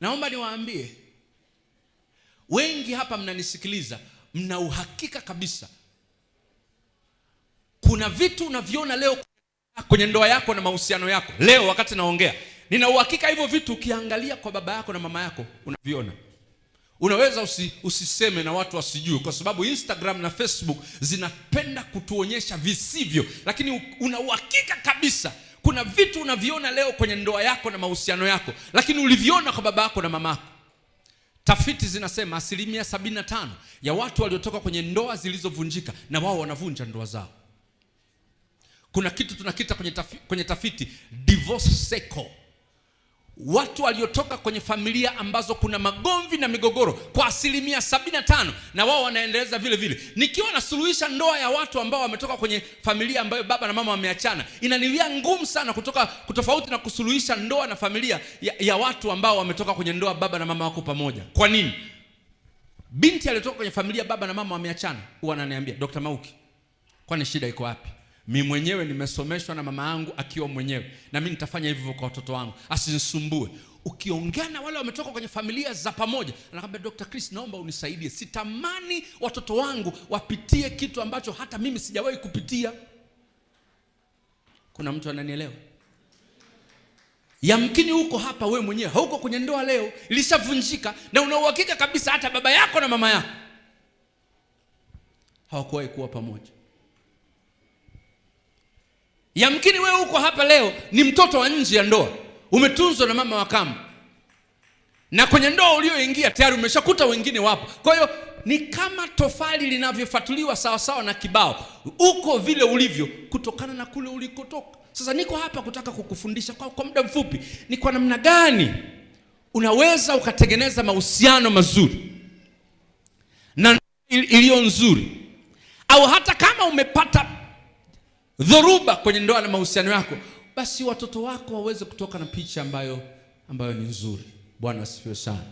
Naomba niwaambie wengi hapa mnanisikiliza, mna uhakika kabisa kuna vitu unaviona leo kwenye ndoa yako na mahusiano yako. Leo wakati naongea, nina uhakika hivyo vitu ukiangalia kwa baba yako na mama yako unaviona. Unaweza usi, usiseme na watu wasijui kwa sababu Instagram na Facebook zinapenda kutuonyesha visivyo, lakini una uhakika kabisa kuna vitu unaviona leo kwenye ndoa yako na mahusiano yako, lakini uliviona kwa baba yako na mama yako. Tafiti zinasema asilimia 75 ya watu waliotoka kwenye ndoa zilizovunjika na wao wanavunja ndoa zao. Kuna kitu tunakita kwenye tafiti, kwenye tafiti divorce cycle watu waliotoka kwenye familia ambazo kuna magomvi na migogoro kwa asilimia sabini tano na wao wanaendeleza vile vile. Nikiwa nasuluhisha ndoa ya watu ambao wametoka kwenye familia ambayo baba na mama wameachana, inaniwia ngumu sana kutoka kutofauti na kusuluhisha ndoa na familia ya, ya watu ambao wametoka kwenye ndoa baba na mama wako pamoja. Kwa nini? Binti aliyotoka kwenye familia baba na mama wameachana huwa ananiambia Dr. Mauki, kwani shida iko wapi? mi mwenyewe nimesomeshwa na mama yangu akiwa mwenyewe, na mimi nitafanya hivyo kwa watoto wangu, asinisumbue. Ukiongea na wale wametoka kwenye familia za pamoja, anakwambia Dr. Chris, naomba unisaidie, sitamani watoto wangu wapitie kitu ambacho hata mimi sijawahi kupitia. Kuna mtu ananielewa? Yamkini huko hapa we mwenyewe hauko kwenye ndoa leo, ilishavunjika na una uhakika kabisa hata baba yako na mama yako hawakuwahi kuwa pamoja. Yamkini wewe uko hapa leo ni mtoto wa nje ya ndoa, umetunzwa na mama wa kambo, na kwenye ndoa ulioingia tayari umeshakuta wengine wapo. Kwa hiyo ni kama tofali linavyofatuliwa sawasawa na kibao, uko vile ulivyo kutokana na kule ulikotoka. Sasa niko hapa kutaka kukufundisha kwa, kwa muda mfupi ni kwa namna gani unaweza ukatengeneza mahusiano mazuri na iliyo nzuri, au hata kama umepata dhoruba kwenye ndoa na mahusiano yako, basi watoto wako waweze kutoka na picha ambayo, ambayo ni nzuri. Bwana asifiwe sana.